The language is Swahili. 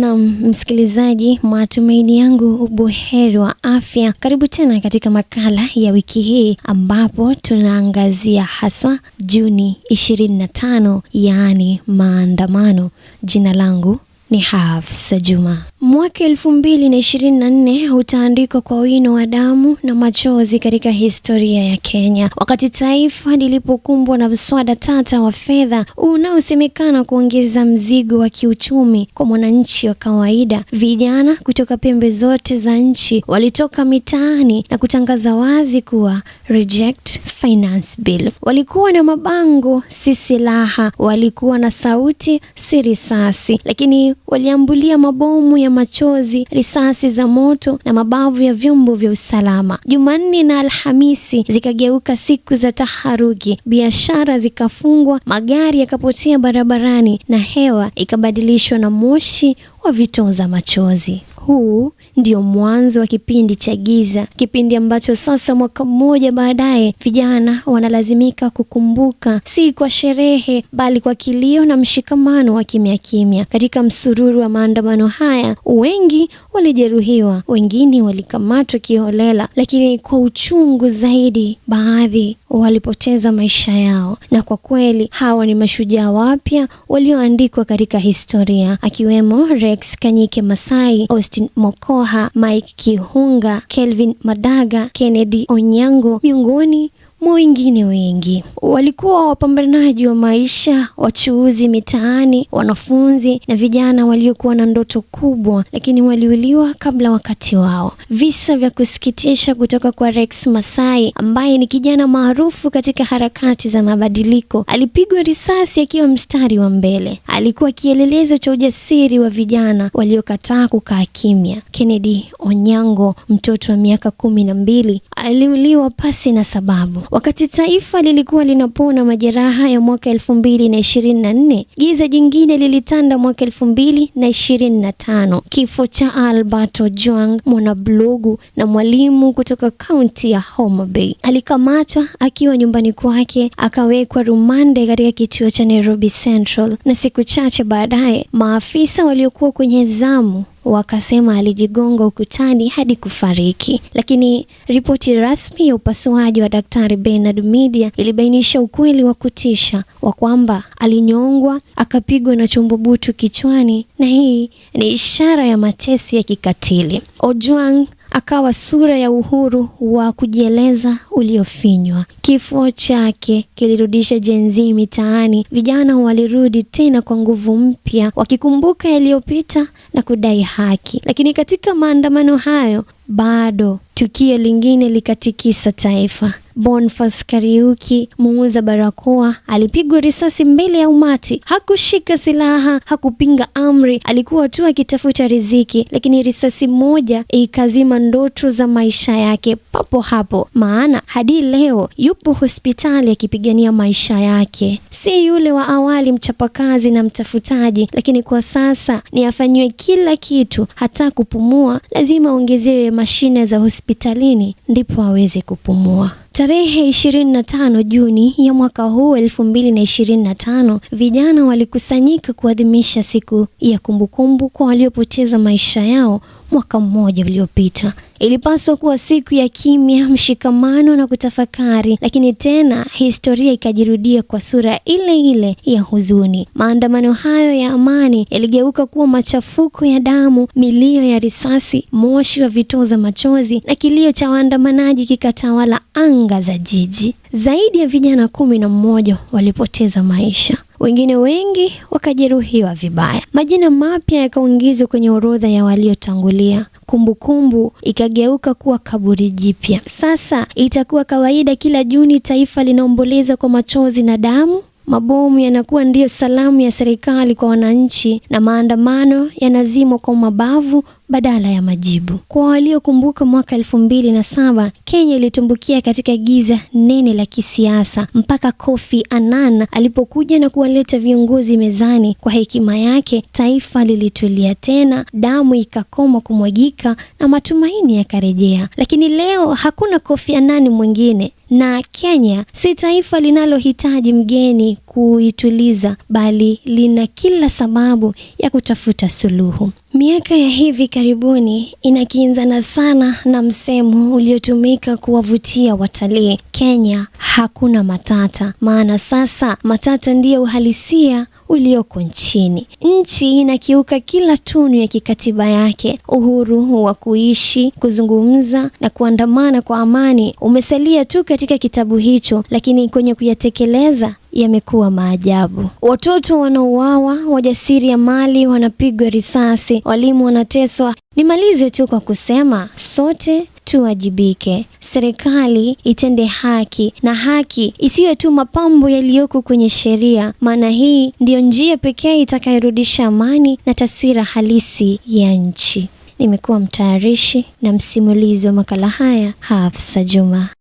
Na msikilizaji, matumaini yangu ubuheri wa afya. Karibu tena katika makala ya wiki hii ambapo tunaangazia haswa Juni 25 yaani maandamano. Jina langu ni Hafsa Juma. Mwaka elfu mbili na ishirini na nne utaandikwa kwa wino wa damu na machozi katika historia ya Kenya, wakati taifa lilipokumbwa na mswada tata wa fedha unaosemekana kuongeza mzigo wa kiuchumi kwa mwananchi wa kawaida. Vijana kutoka pembe zote za nchi walitoka mitaani na kutangaza wazi kuwa reject finance bill. Walikuwa na mabango, si silaha; walikuwa na sauti, si risasi. Lakini waliambulia mabomu ya machozi, risasi za moto na mabavu ya vyombo vya usalama. Jumanne na Alhamisi zikageuka siku za taharuki, biashara zikafungwa, magari yakapotea barabarani na hewa ikabadilishwa na moshi wa vitoza machozi huu ndio mwanzo wa kipindi cha giza, kipindi ambacho sasa mwaka mmoja baadaye vijana wanalazimika kukumbuka, si kwa sherehe, bali kwa kilio na mshikamano wa kimya kimya. Katika msururu wa maandamano haya, wengi walijeruhiwa, wengine walikamatwa kiholela, lakini kwa uchungu zaidi, baadhi walipoteza maisha yao. Na kwa kweli hawa ni mashujaa wapya walioandikwa katika historia, akiwemo Rex Kanyike Masai, Austin Martin Mokoha, Mike Kihunga, Kelvin Madaga, Kennedy Onyango miongoni mwa wengine wengi. Walikuwa wapambanaji wa maisha, wachuuzi mitaani, wanafunzi na vijana waliokuwa na ndoto kubwa, lakini waliuliwa kabla wakati wao. Visa vya kusikitisha kutoka kwa Rex Masai ambaye ni kijana maarufu katika harakati za mabadiliko. Alipigwa risasi akiwa mstari wa mbele. Alikuwa kielelezo cha ujasiri wa vijana waliokataa kukaa kimya. Kennedy Onyango, mtoto wa miaka kumi na mbili, aliuliwa pasi na sababu. Wakati taifa lilikuwa linapona majeraha ya mwaka elfu mbili na ishirini na nne, giza jingine lilitanda mwaka elfu mbili na ishirini na tano. Kifo cha Albert Ojwang, mwanablogu na mwalimu kutoka kaunti ya Homa Bay. Alikamatwa akiwa nyumbani kwake, akawekwa rumande katika kituo cha Nairobi Central, na siku chache baadaye maafisa waliokuwa kwenye zamu wakasema alijigonga ukutani hadi kufariki. Lakini ripoti rasmi ya upasuaji wa Daktari Bernard Media ilibainisha ukweli wa kutisha wa kwamba alinyongwa, akapigwa na chombo butu kichwani, na hii ni ishara ya mateso ya kikatili. Ojwang akawa sura ya uhuru wa kujieleza uliofinywa. Kifo chake kilirudisha Gen Z mitaani. Vijana walirudi tena kwa nguvu mpya, wakikumbuka yaliyopita na kudai haki. Lakini katika maandamano hayo bado tukio lingine likatikisa taifa. Bonfas Kariuki, muuza barakoa, alipigwa risasi mbele ya umati. Hakushika silaha, hakupinga amri, alikuwa tu akitafuta riziki, lakini risasi moja ikazima ndoto za maisha yake papo hapo. Maana hadi leo yupo hospitali akipigania maisha yake, si yule wa awali mchapakazi na mtafutaji, lakini kwa sasa ni afanyiwe kila kitu, hata kupumua lazima aongezewe mashine za hospitalini ndipo aweze kupumua. Tarehe 25 Juni ya mwaka huu 2025, vijana walikusanyika kuadhimisha siku ya kumbukumbu kwa waliopoteza maisha yao mwaka mmoja uliopita. Ilipaswa kuwa siku ya kimya, mshikamano na kutafakari, lakini tena historia ikajirudia kwa sura ile ile ya huzuni. Maandamano hayo ya amani yaligeuka kuwa machafuko ya damu, milio ya risasi, moshi wa vitoza machozi na kilio cha waandamanaji kikatawala anga za jiji. Zaidi ya vijana kumi na mmoja walipoteza maisha wengine wengi wakajeruhiwa vibaya. Majina mapya yakaongezwa kwenye orodha ya waliotangulia. Kumbukumbu ikageuka kuwa kaburi jipya. Sasa itakuwa kawaida, kila Juni taifa linaomboleza kwa machozi na damu. Mabomu yanakuwa ndiyo salamu ya serikali kwa wananchi, na maandamano yanazimwa kwa mabavu badala ya majibu. Kwa waliokumbuka mwaka elfu mbili na saba, Kenya ilitumbukia katika giza nene la kisiasa mpaka Kofi Annan alipokuja na kuwaleta viongozi mezani. Kwa hekima yake, taifa lilitulia tena, damu ikakoma kumwagika na matumaini yakarejea. Lakini leo hakuna Kofi Annan mwingine na Kenya si taifa linalohitaji mgeni kuituliza, bali lina kila sababu ya kutafuta suluhu. Miaka ya hivi karibuni inakinzana sana na msemo uliotumika kutumika kuwavutia watalii Kenya hakuna matata, maana sasa matata ndiyo uhalisia ulioko nchini. Nchi inakiuka kila tunu ya kikatiba yake. Uhuru wa kuishi, kuzungumza na kuandamana kwa amani umesalia tu katika kitabu hicho, lakini kwenye kuyatekeleza yamekuwa maajabu. Watoto wanauawa, wajasiriamali wanapigwa risasi, walimu wanateswa. Nimalize tu kwa kusema sote tuwajibike, serikali itende haki na haki isiwe tu mapambo yaliyoko kwenye sheria, maana hii ndiyo njia pekee itakayorudisha amani na taswira halisi ya nchi. Nimekuwa mtayarishi na msimulizi wa makala haya Hafsa Juma.